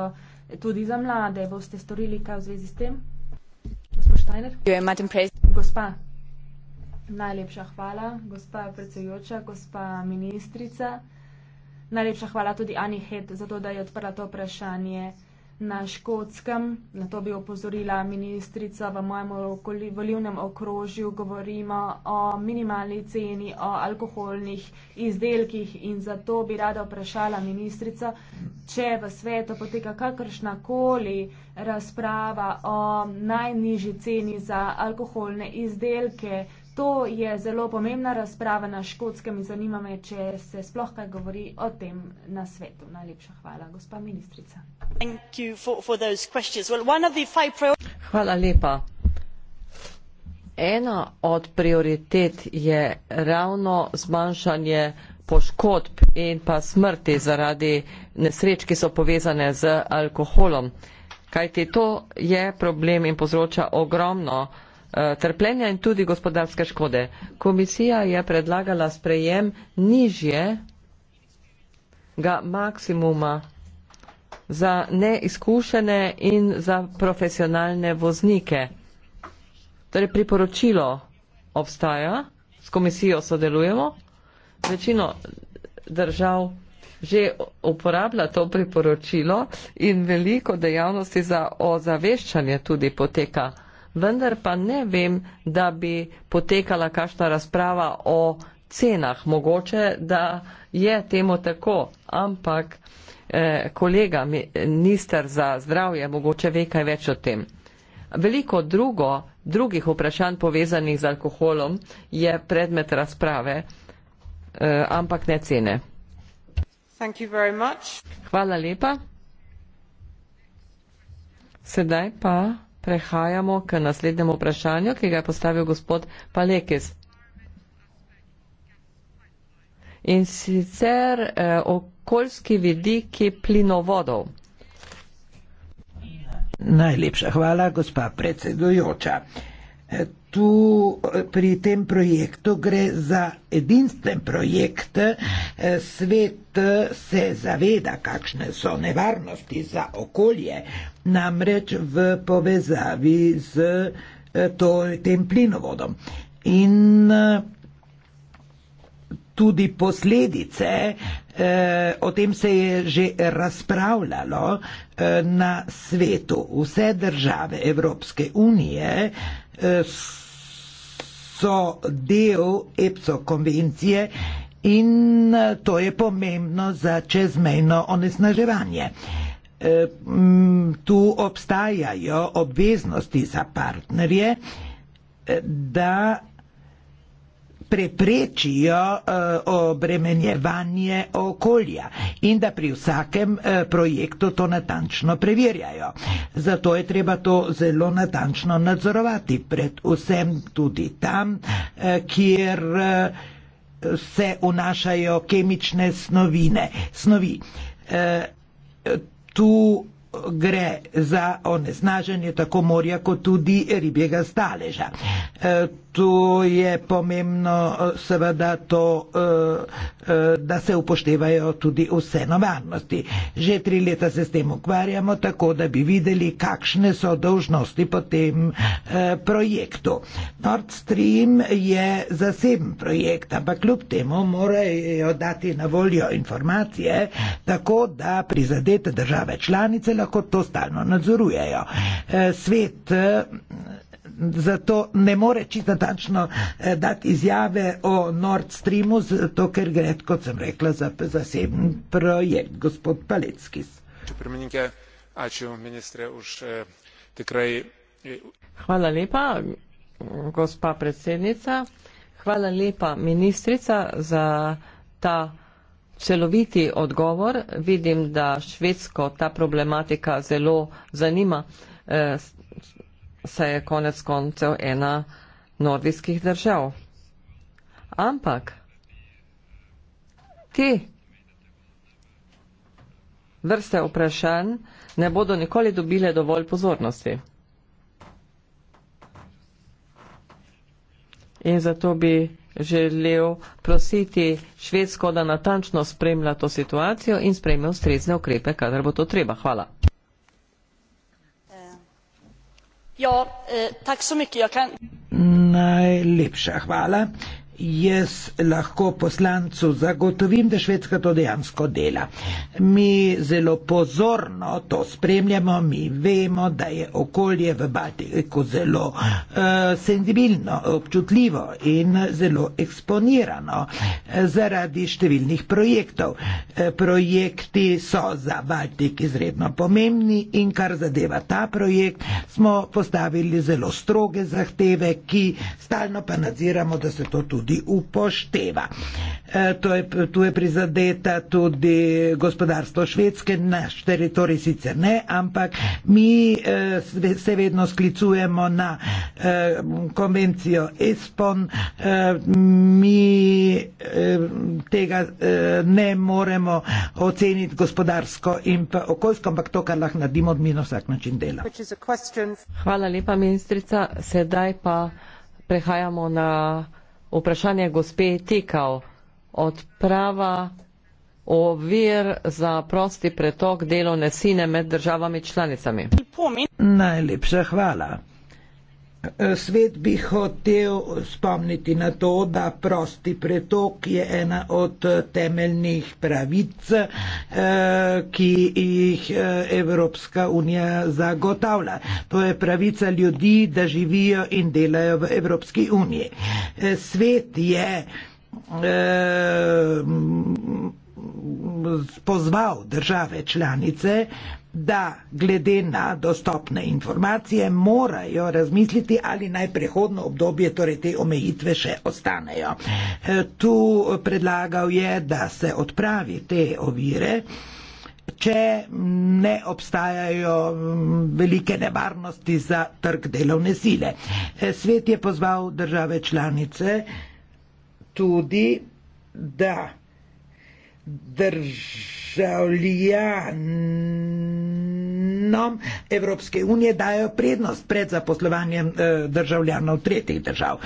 tudi za mlade? Boste storili kaj v zvezi s tem? Gospod Štajner? Gospa. Najlepša hvala, gospa predsedujoča, gospa ministrica. Najlepša hvala tudi Ani Hed za to, da je odprla to vprašanje na škotskem. Na to bi opozorila ministrica. V mojem volivnem okrožju govorimo o minimalni ceni, o alkoholnih izdelkih in zato bi rada vprašala ministrica, če v svetu poteka kakršna koli razprava o najnižji ceni za alkoholne izdelke. To je zelo pomembna razprava na škotskem in zanima me, če se sploh kaj govori o tem na svetu. Najlepša hvala, gospa ministrica. Hvala lepa. Ena od prioritet je ravno zmanjšanje poškodb in pa smrti zaradi nesreč, ki so povezane z alkoholom. Kajti to je problem in povzroča ogromno Eh, trpljenja in tudi gospodarske škode. Komisija je predlagala sprejem nižje ga maksimuma za neizkušene in za profesionalne voznike. Torej priporočilo obstaja, s komisijo sodelujemo, večino držav že uporablja to priporočilo in veliko dejavnosti za ozaveščanje tudi poteka vendar pa ne vem, da bi potekala kakšna razprava o cenah. Mogoče, da je temu tako, ampak eh, kolega minister za zdravje mogoče ve kaj več o tem. Veliko drugo, drugih vprašanj povezanih z alkoholom je predmet razprave, eh, ampak ne cene. Hvala lepa. Sedaj pa Prehajamo k naslednjemu vprašanju, ki ga je postavil gospod Palekis. In sicer eh, okoljski vidiki plinovodov. Najlepša hvala, gospa predsedujoča. Eh, tu eh, pri tem projektu gre za edinstven projekt. Eh, svet eh, se zaveda, kakšne so nevarnosti za okolje, namreč v povezavi z to, tem plinovodom. In tudi posledice, o tem se je že razpravljalo na svetu. Vse države Evropske unije so so del EPSO konvencije in eh, to je pomembno za čezmejno onesnaževanje. Eh, tu obstajajo obveznosti za partnerje, eh, da preprečijo uh, obremenjevanje okolja in da pri vsakem uh, projektu to natančno preverjajo. Zato je treba to zelo natančno nadzorovati, predvsem tudi tam, uh, kjer uh, se unašajo kemične snovine, snovi. Uh, tu gre za oneznaženje tako morja, kot tudi ribjega staleža. Uh, tu je pomembno eh, seveda to, eh, eh, da se upoštevajo tudi vse novarnosti. Že tri leta se s tem ukvarjamo, tako da bi videli, kakšne so dolžnosti po tem projektu. Nord Stream je zaseben projekt, ampak kljub temu morajo dati na voljo informacije, tako da prizadete države članice lahko to stalno nadzorujejo. Svet zato ne more čisto tačno eh, dati izjave o Nord Streamu, zato ker gre, kot sem rekla, za zaseben projekt, gospod Paleckis. Eh, Hvala lepa, gospa predsednica. Hvala lepa, ministrica, za ta celoviti odgovor. Vidim, da švedsko ta problematika zelo zanima. Eh, saj je konec koncev ena nordijskih držav. Ampak te vrste vprašanj ne bodo nikoli dobile dovolj pozornosti. In zato bi želel prositi švedsko, da natančno spremlja to situacijo in sprejme ustrezne ukrepe, kadar bo to treba. Hvala. Ja, eh, tak so mycket. Jag kan... Najlepša hvala jaz lahko poslancu zagotovim, da Švedska to dejansko dela. Mi zelo pozorno to spremljamo, mi vemo, da je okolje v Baltiku zelo uh, eh, sensibilno, občutljivo in zelo eksponirano eh, zaradi številnih projektov. Eh, projekti so za Baltik izredno pomembni in kar zadeva ta projekt, smo postavili zelo stroge zahteve, ki stalno pa nadziramo, da se to tudi tudi upošteva. E, to je, tu je prizadeta tudi gospodarstvo švedske, naš teritorij sicer ne, ampak mi e, se vedno sklicujemo na e, konvencijo ESPON. E, mi e, tega e, ne moremo oceniti gospodarsko in okoljsko, ampak to, kar lahko naredimo, mi na vsak način dela. Hvala lepa, ministrica. Sedaj pa prehajamo na vprašanje gospe Tekal. Odprava ovir za prosti pretok delovne sine med državami članicami. Najlepša hvala. Svet bi hotel spomniti na to, da prosti pretok je ena od temeljnih pravic, eh, ki jih eh, Evropska unija zagotavlja. To je pravica ljudi, da živijo in delajo v Evropski uniji. Eh, svet je pozval države članice, da glede na dostopne informacije morajo razmisliti, ali naj prehodno obdobje torej te omejitve še ostanejo. E, tu predlagal je, da se odpravi te ovire, če ne obstajajo velike nevarnosti za trg delovne sile. E, svet je pozval države članice tudi, da državljanom Evropske unije dajo prednost pred zaposlovanjem eh, državljanov tretjih držav.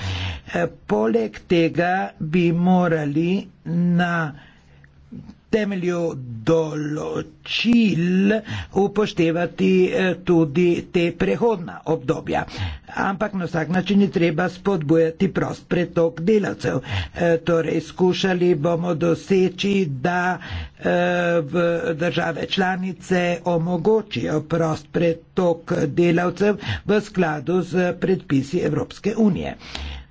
Eh, poleg tega bi morali na temelju določil upoštevati eh, tudi te prehodna obdobja. Ampak na vsak način je treba spodbujati prost pretok delavcev. Eh, torej, skušali bomo doseči, da eh, v države članice omogočijo prost pretok delavcev v skladu z predpisi Evropske unije.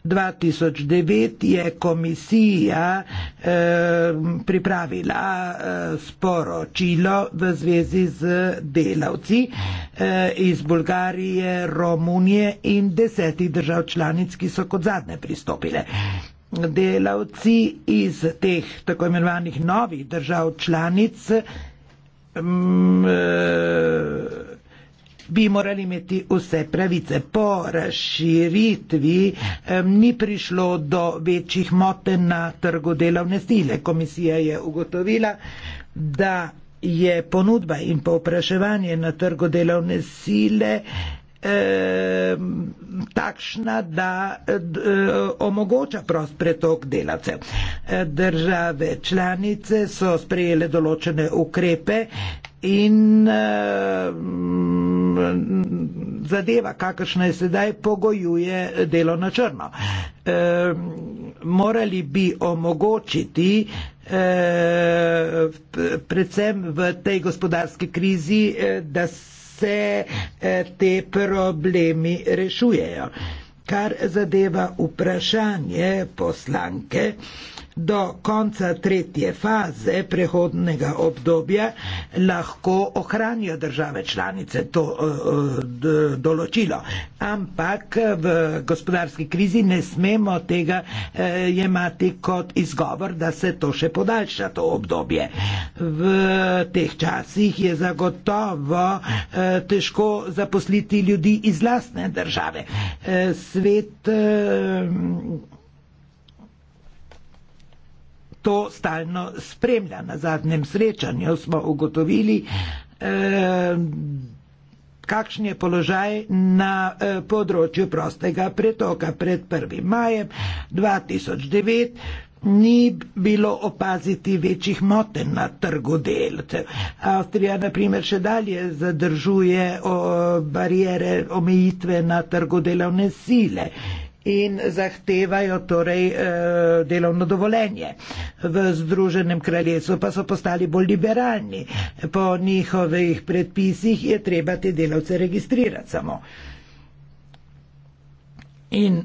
2009 je komisija eh, pripravila eh, sporočilo v zvezi z delavci eh, iz Bulgarije, Romunije in desetih držav članic, ki so kot zadnje pristopile. Delavci iz teh tako imenovanih novih držav članic. Mm, eh, bi morali imeti vse pravice. Po razširitvi um, ni prišlo do večjih moten na trgu delovne sile. Komisija je ugotovila, da je ponudba in povpraševanje na trgu delovne sile takšna, da e, omogoča prost pretok delavcev. Države članice so sprejele določene ukrepe in zadeva, kakršna je sedaj, pogojuje delo na črno. E, morali bi omogočiti, e, predvsem v tej gospodarski krizi, e, da se e, te problemi rešujejo. Kar zadeva vprašanje poslanke, e, do konca tretje faze prehodnega obdobja lahko ohranijo države članice to eh, določilo. Ampak v gospodarski krizi ne smemo tega eh, jemati kot izgovor, da se to še podaljša to obdobje. V teh časih je zagotovo eh, težko zaposliti ljudi iz lastne države. Svet to stalno spremlja. Na zadnjem srečanju smo ugotovili, eh, kakšen je položaj na eh, področju prostega pretoka. Pred 1. majem 2009 ni bilo opaziti večjih moten na trgu delcev. Avstrija, na primer, še dalje zadržuje o, barijere, omejitve na trgu delovne sile in zahtevajo torej eh, delovno dovoljenje. V Združenem kraljestvu pa so postali bolj liberalni. Po njihovih predpisih je treba te delavce registrirati samo. In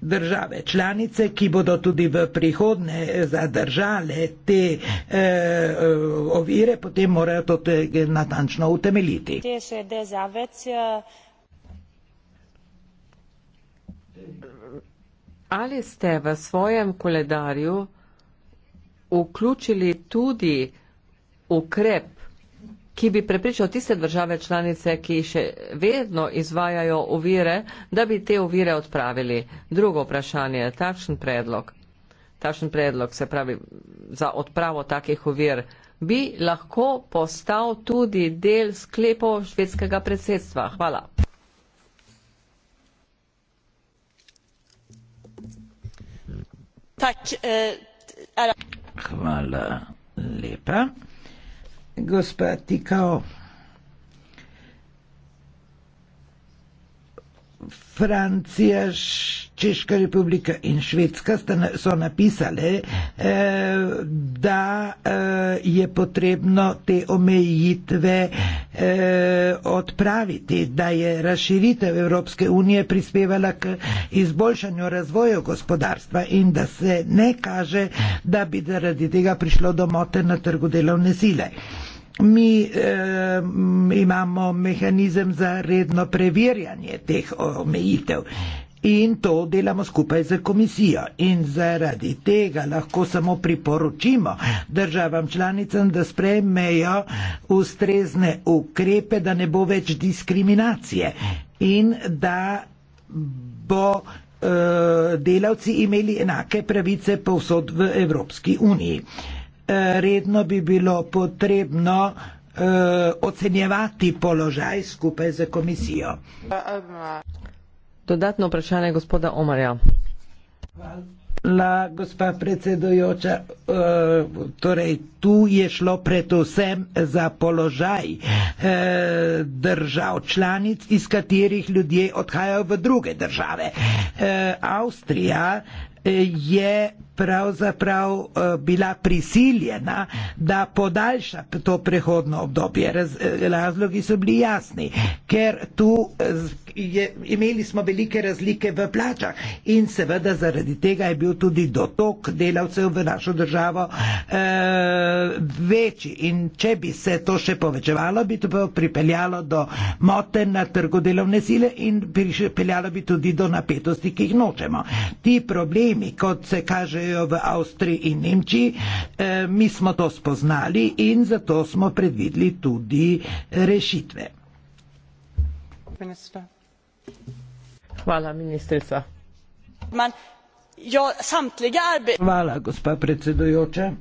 države članice, ki bodo tudi v prihodne zadržale te e, ovire, potem morajo to natančno utemeljiti. Te še države. Ali ste v svojem koledarju vključili tudi ukrep, ki bi prepričal tiste države članice, ki še vedno izvajajo uvire, da bi te uvire odpravili? Drugo vprašanje, takšen predlog, takšen predlog, se pravi, za odpravo takih uvir, bi lahko postal tudi del sklepov švedskega predsedstva. Hvala. E, Hvala lepa. Gospa Tikao. Francija, Češka republika in Švedska sta, so napisali, eh, da eh, je potrebno te omejitve eh, odpraviti, da je razširitev Evropske unije prispevala k izboljšanju razvoju gospodarstva in da se ne kaže, da bi zaradi tega prišlo do mote na trgu delovne sile. Eh, mi eh, imamo mehanizem za redno preverjanje teh omejitev. In to delamo skupaj z komisijo. In zaradi tega lahko samo priporočimo državam članicam, da sprejmejo ustrezne ukrepe, da ne bo več diskriminacije in da bo eh, delavci imeli enake pravice povsod v Evropski uniji. Eh, redno bi bilo potrebno eh, ocenjevati položaj skupaj z komisijo. Dodatno vprašanje gospoda Omarja. Hvala, gospa predsedojoča. Eh, torej, tu je šlo predvsem za položaj eh, držav članic, iz katerih ljudje odhajajo v druge države. Avstrija je pravzaprav eh, bila prisiljena, da podaljša to prehodno obdobje. Razlogi so bili jasni, ker tu eh, je, imeli smo velike razlike v plačah in seveda zaradi tega je bil tudi dotok delavcev v našo državo eh, večji. In če bi se to še povečevalo, bi to pripeljalo do moten na trgu delovne sile in pripeljalo bi tudi do napetosti, ki jih nočemo. Ti problemi, kot se kažejo, delajo v Avstriji in Nemčiji. E, mi smo to spoznali in zato smo predvidli tudi rešitve. Minister. Hvala, ministrica. Man, jo, Hvala, gospa predsedujoča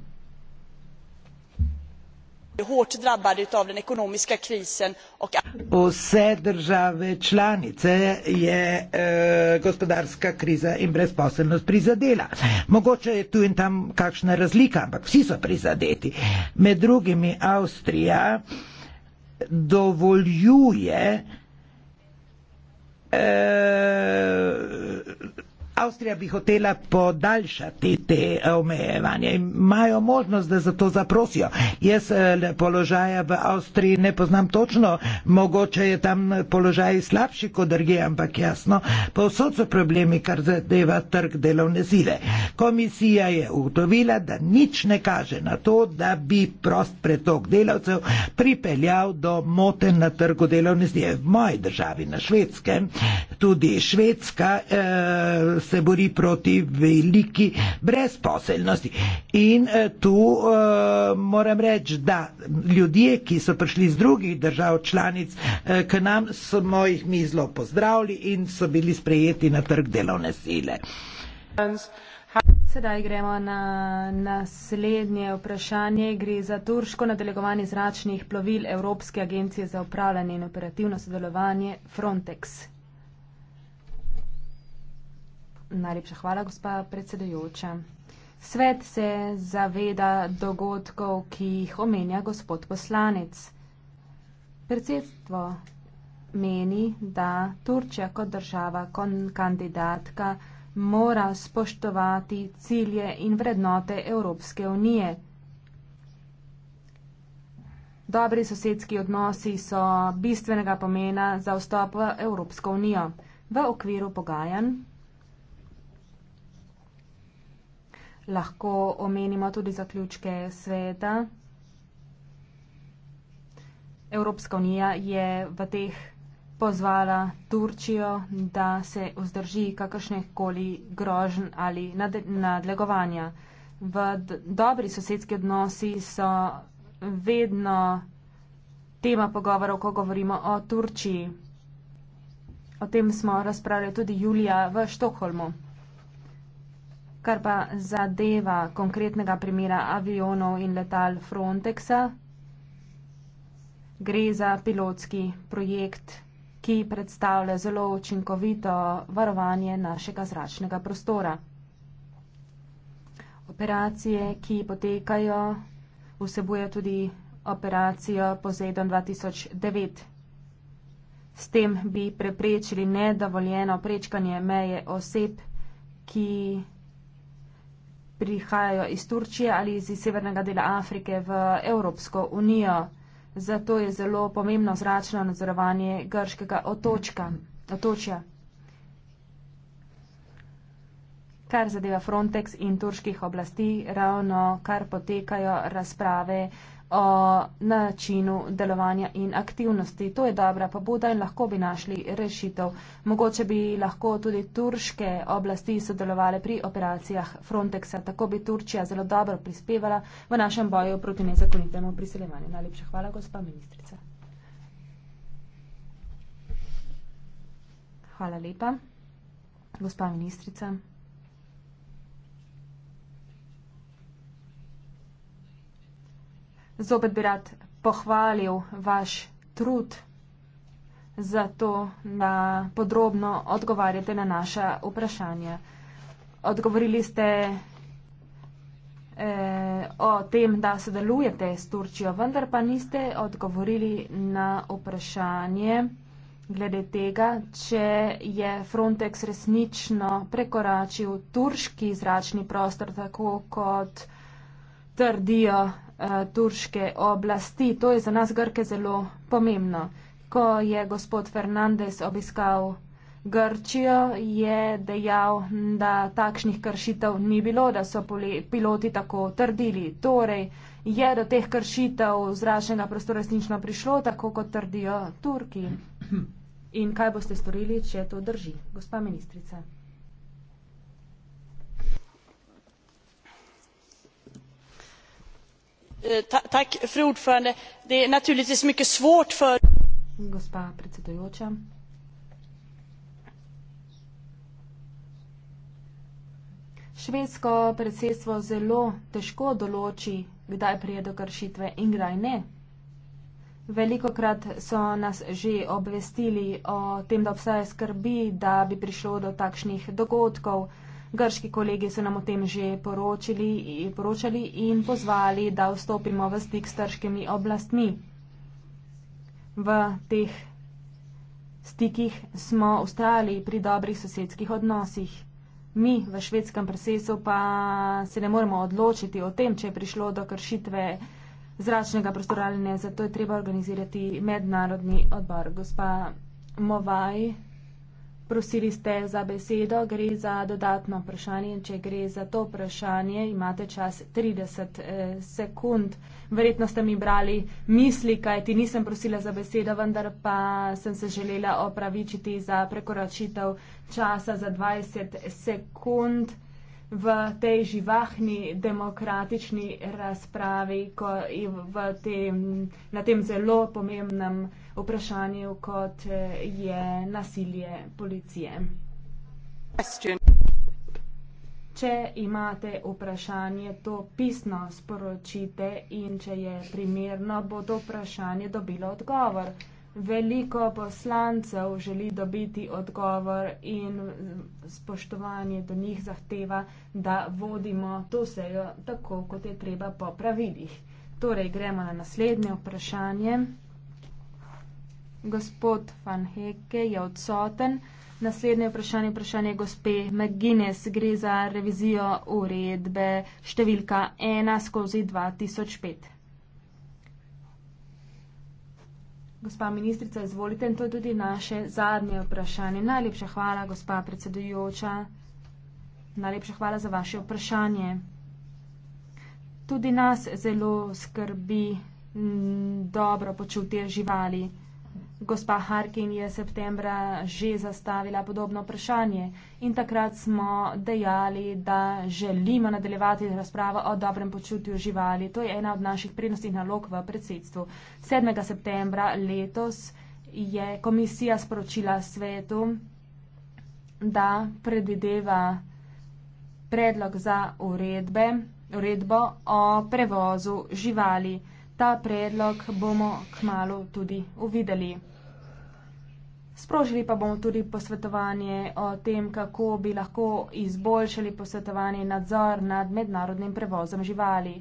hårt drabbade av den ekonomiska krisen och... Vse države članice je eh, gospodarska kriza in brezposelnost prizadela. Mogoče je tu in tam kakšna razlika, ampak vsi so prizadeti. Med drugimi Avstrija dovoljuje eh, Avstrija bi hotela podaljšati te eh, omejevanja in imajo možnost, da za to zaprosijo. Jaz eh, položaja v Avstriji ne poznam točno, mogoče je tam eh, položaj slabši kot drugje, ampak jasno, povsod so problemi, kar zadeva trg delovne sile. Komisija je ugotovila, da nič ne kaže na to, da bi prost pretok delavcev pripeljal do moten na trgu delovne sile. V moji državi, na švedskem, tudi švedska, eh, se bori proti veliki brezposelnosti. In eh, tu uh, moram reči, da ljudje, ki so prišli iz drugih držav članic uh, k nam, smo jih mi zelo pozdravili in so bili sprejeti na trg delovne sile. Sedaj gremo na naslednje vprašanje. Gre za turško nadaljevanje zračnih plovil Evropske agencije za upravljanje in operativno sodelovanje Frontex. Najlepša hvala, gospa predsedujoča. Svet se zaveda dogodkov, ki jih omenja gospod poslanec. Predsedstvo meni, da Turčija kot država, kot kandidatka, mora spoštovati cilje in vrednote Evropske unije. Dobri sosedski odnosi so bistvenega pomena za vstop v Evropsko unijo. V okviru pogajanj lahko omenimo tudi zaključke sveta. Evropska unija je v teh pozvala Turčijo, da se vzdrži kakršnehkoli grožn ali nad, nadlegovanja. V dobri sosedski odnosi so vedno tema pogovorov, ko govorimo o Turčiji. O tem smo razpravljali tudi julija v Štokholmu kar pa zadeva konkretnega primera avionov in letal Frontexa, gre za pilotski projekt, ki predstavlja zelo učinkovito varovanje našega zračnega prostora. Operacije, ki potekajo, vsebuje tudi operacijo Poseidon 2009. S tem bi preprečili nedovoljeno prečkanje meje oseb, ki prihajajo iz Turčije ali iz severnega dela Afrike v Evropsko unijo. Zato je zelo pomembno zračno nadzorovanje grškega otočka, otočja. Kar zadeva Frontex in turških oblasti, ravno kar potekajo razprave o načinu delovanja in aktivnosti. To je dobra pobuda in lahko bi našli rešitev. Mogoče bi lahko tudi turške oblasti sodelovali pri operacijah Frontexa. Tako bi Turčija zelo dobro prispevala v našem boju proti nezakonitemu priseljevanju. Najlepša hvala, gospa ministrica. Hvala lepa, gospa ministrica. Zopet bi rad pohvalil vaš trud za to, da podrobno odgovarjate na naša vprašanja. Odgovorili ste eh, o tem, da sodelujete s Turčijo, vendar pa niste odgovorili na vprašanje glede tega, če je Frontex resnično prekoračil turški zračni prostor, tako kot trdijo Eh, turške oblasti. To je za nas Grke zelo pomembno. Ko je gospod Fernandez obiskal Grčijo, je dejal, da takšnih kršitev ni bilo, da so piloti tako trdili. Torej, je do teh kršitev zračnega prostora resnično prišlo, tako kot trdijo Turki. In kaj boste storili, če to drži, gospa ministrica? Eh, fru talman! Det är naturligtvis mycket svårt för Velikokrat so nas že obvestili o tem, da obstajajo skrbi, da bi prišlo do takšnih dogodkov. Grški kolegi so nam o tem že poročili, poročali in pozvali, da vstopimo v stik s trškimi oblastmi. V teh stikih smo ustali pri dobrih sosedskih odnosih. Mi v švedskem presesu pa se ne moremo odločiti o tem, če je prišlo do kršitve zračnega prostoralne, zato je treba organizirati mednarodni odbor. Gospa Movaj. Prosili ste za besedo, gre za dodatno vprašanje. Če gre za to vprašanje, imate čas 30 eh, sekund. Verjetno ste mi brali misli, kaj ti nisem prosila za besedo, vendar pa sem se želela opravičiti za prekoračitev časa za 20 sekund. Eh, v tej živahni demokratični razpravi, ko v tem, na tem zelo pomembnem vprašanju, kot je nasilje policije. Če imate vprašanje, to pisno sporočite in če je primerno, bo to vprašanje dobilo odgovor veliko poslancev želi dobiti odgovor in spoštovanje do njih zahteva, da vodimo to sejo tako, kot je treba po pravilih. Torej, gremo na naslednje vprašanje. Gospod Van Heke je odsoten. Naslednje vprašanje, vprašanje gospe McGuinness, gre za revizijo uredbe številka 1 skozi 2005. Gospa ministrica, izvolite in to je tudi naše zadnje vprašanje. Najlepša hvala, gospa predsedujoča. Najlepša hvala za vaše vprašanje. Tudi nas zelo skrbi dobro počutje živali. Gospa Harkin je septembra že zastavila podobno vprašanje in takrat smo dejali, da želimo nadaljevati razpravo o dobrem počutju živali. To je ena od naših prednostnih nalog v predsedstvu. 7. septembra letos je komisija sporočila svetu, da predvideva predlog za uredbe, uredbo o prevozu živali. Ta predlog bomo kmalo tudi uvideli. Sprožili pa bomo tudi posvetovanje o tem, kako bi lahko izboljšali posvetovanje nadzor nad mednarodnim prevozom živali.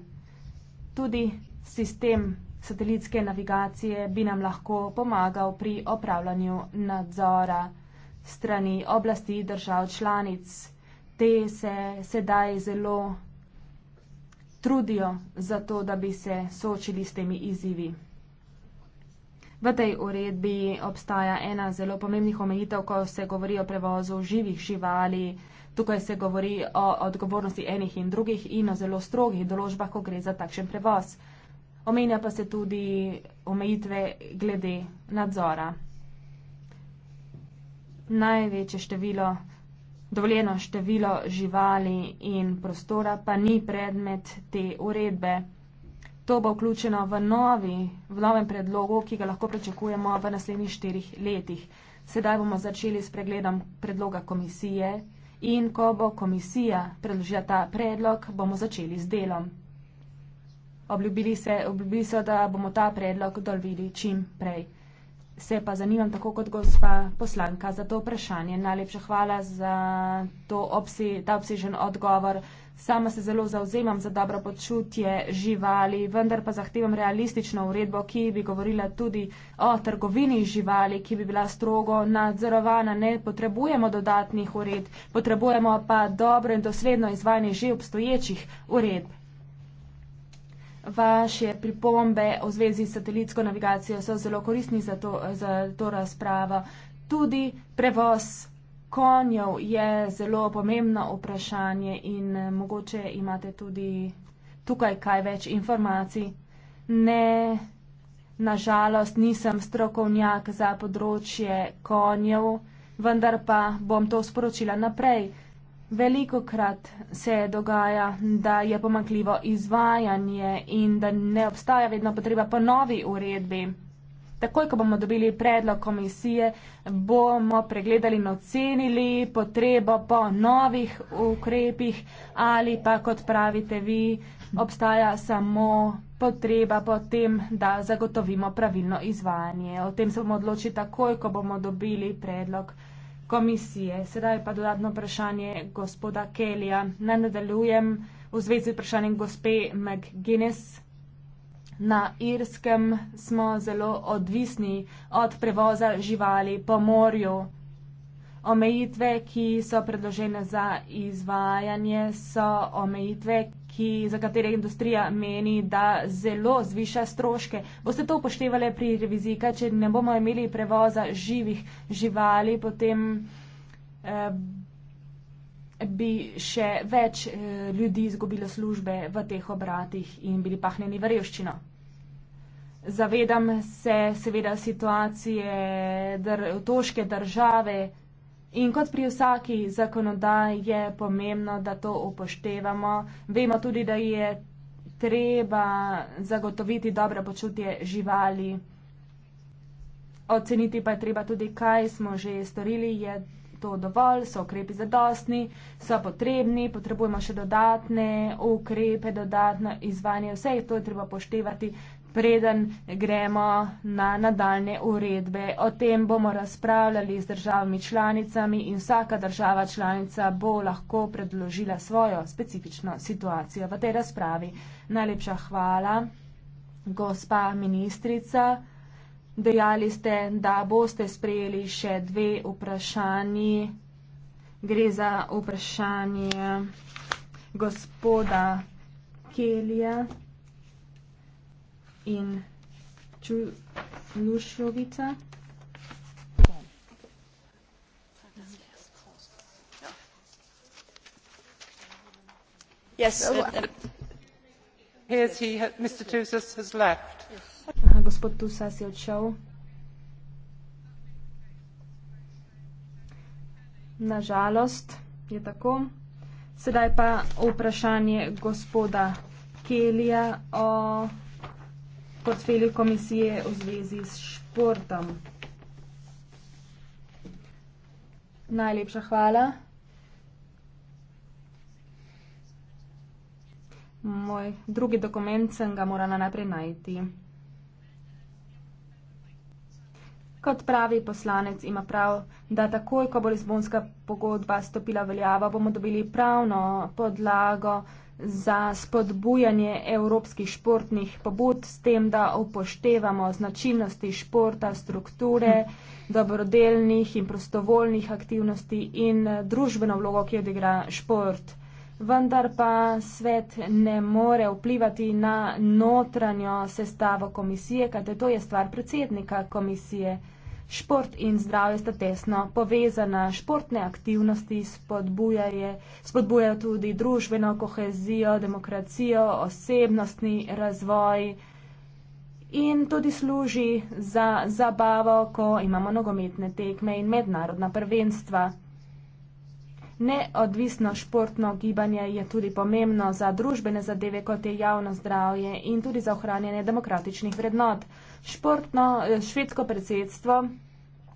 Tudi sistem satelitske navigacije bi nam lahko pomagal pri opravljanju nadzora strani oblasti držav članic. Te se sedaj zelo trudijo za to, da bi se soočili s temi izzivi. V tej uredbi obstaja ena zelo pomembnih omejitev, ko se govori o prevozu živih živali. Tukaj se govori o odgovornosti enih in drugih in o zelo strogih določbah, ko gre za takšen prevoz. Omenja pa se tudi omejitve glede nadzora. Največje število Dovoljeno število živali in prostora pa ni predmet te uredbe. To bo vključeno v, novi, v novem predlogu, ki ga lahko pričakujemo v naslednjih štirih letih. Sedaj bomo začeli s pregledom predloga komisije in ko bo komisija predložila ta predlog, bomo začeli z delom. Obljubili, se, obljubili so, da bomo ta predlog dolvili čim prej se pa zanimam tako kot gospa poslanka za to vprašanje. Najlepša hvala za obsi, ta obsežen odgovor. Sama se zelo zauzemam za dobro počutje živali, vendar pa zahtevam realistično uredbo, ki bi govorila tudi o trgovini živali, ki bi bila strogo nadzorovana. Ne potrebujemo dodatnih ured, potrebujemo pa dobro in dosledno izvajanje že obstoječih uredb. Vaše pripombe v zvezi s satelitsko navigacijo so zelo koristni za to, za to razpravo. Tudi prevoz konjev je zelo pomembno vprašanje in eh, mogoče imate tudi tukaj kaj več informacij. Ne, nažalost nisem strokovnjak za področje konjev, vendar pa bom to sporočila naprej. Veliko krat se dogaja, da je pomakljivo izvajanje in da ne obstaja vedno potreba po novi uredbi. Takoj, ko bomo dobili predlog komisije, bomo pregledali in ocenili potrebo po novih ukrepih ali pa, kot pravite vi, obstaja samo potreba po tem, da zagotovimo pravilno izvajanje. O tem se bomo odločili takoj, ko bomo dobili predlog komisije komisije. Sedaj pa dodatno vprašanje gospoda Kelija. Naj nadaljujem v zvezi z vprašanjem gospe McGuinness. Na Irskem smo zelo odvisni od prevoza živali po morju. Omejitve, ki so predložene za izvajanje, so omejitve, ki, za katere industrija meni, da zelo zviša stroške. Boste to upoštevali pri reviziji, kaj če ne bomo imeli prevoza živih živali, potem eh, bi še več eh, ljudi izgubilo službe v teh obratih in bili pahneni v revščino. Zavedam se seveda situacije dr otoške države. In kot pri vsaki zakonodaji je pomembno, da to upoštevamo. Vemo tudi, da je treba zagotoviti dobro počutje živali. Oceniti pa je treba tudi, kaj smo že storili, je to dovolj, so ukrepi zadostni, so potrebni, potrebujemo še dodatne ukrepe, dodatno izvajanje, vse to je treba poštevati, preden gremo na nadaljne uredbe. O tem bomo razpravljali z državami članicami in vsaka država članica bo lahko predložila svojo specifično situacijo v tej razpravi. Najlepša hvala, gospa ministrica. Dejali ste, da boste sprejeli še dve vprašanji. Gre za vprašanje gospoda Kelija in Lušovica. Yes, uh, here he, Mr. Tusas has left. Yes. Aha, gospod Tusas je odšel. Nažalost je tako. Sedaj pa vprašanje gospoda Kelija o portfelju komisije v zvezi s športom. Najlepša hvala. Moj drugi dokument sem ga morala najprej najti. Kot pravi poslanec ima prav, da takoj, ko bo lizbonska pogodba stopila veljava, bomo dobili pravno podlago za spodbujanje evropskih športnih pobud s tem, da upoštevamo značilnosti športa, strukture, dobrodelnih in prostovoljnih aktivnosti in eh, družbeno vlogo, ki jo igra šport. Vendar pa svet ne more vplivati na notranjo sestavo komisije, kajte to je stvar predsednika komisije. Šport in zdravje sta tesno povezana, športne aktivnosti spodbujajo tudi družbeno kohezijo, demokracijo, osebnostni razvoj in tudi služi za zabavo, ko imamo nogometne tekme in mednarodna prvenstva. Neodvisno športno gibanje je tudi pomembno za družbene zadeve, kot je javno zdravje in tudi za ohranjanje demokratičnih vrednot. Športno, eh, švedsko predsedstvo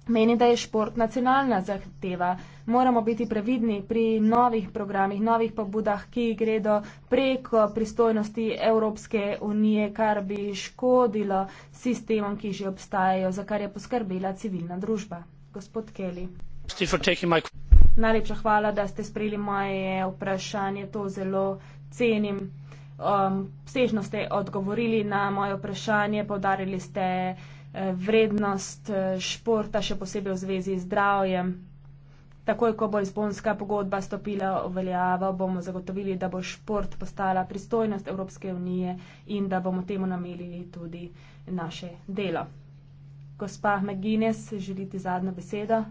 meni, da je šport nacionalna zahteva. Moramo biti previdni pri novih programih, novih pobudah, ki gredo preko pristojnosti Evropske unije, kar bi škodilo sistemom, ki že obstajajo, za kar je poskrbela civilna družba. Gospod Kelly. Najlepša hvala, da ste sprejeli moje vprašanje, to zelo cenim. Um, Vsežno ste odgovorili na moje vprašanje, povdarili ste eh, vrednost eh, športa, še posebej v zvezi z zdravjem. Takoj, ko bo izbonska pogodba stopila v veljavo, bomo zagotovili, da bo šport postala pristojnost Evropske unije in da bomo temu namelili tudi naše delo. Gospa Maginez, želite zadnjo besedo?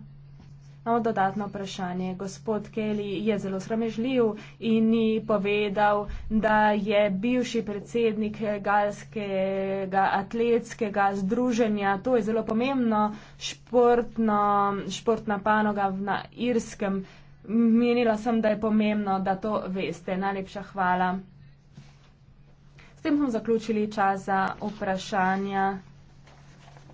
No, dodatno vprašanje. Gospod Kelly je zelo sramežljiv in ni povedal, da je bivši predsednik galskega atletskega združenja, to je zelo pomembno, športno, športna panoga na Irskem. Menila sem, da je pomembno, da to veste. Najlepša hvala. S tem smo zaključili čas za vprašanja.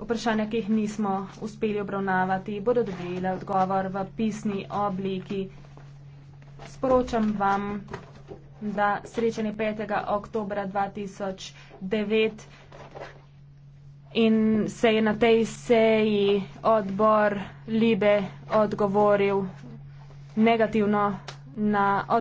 Vprašanja, ki jih nismo uspeli obravnavati, bodo dobile odgovor v pisni obliki. Sporočam vam, da srečanje 5. oktobra 2009 in se je na tej seji odbor Libe odgovoril negativno na odgovor.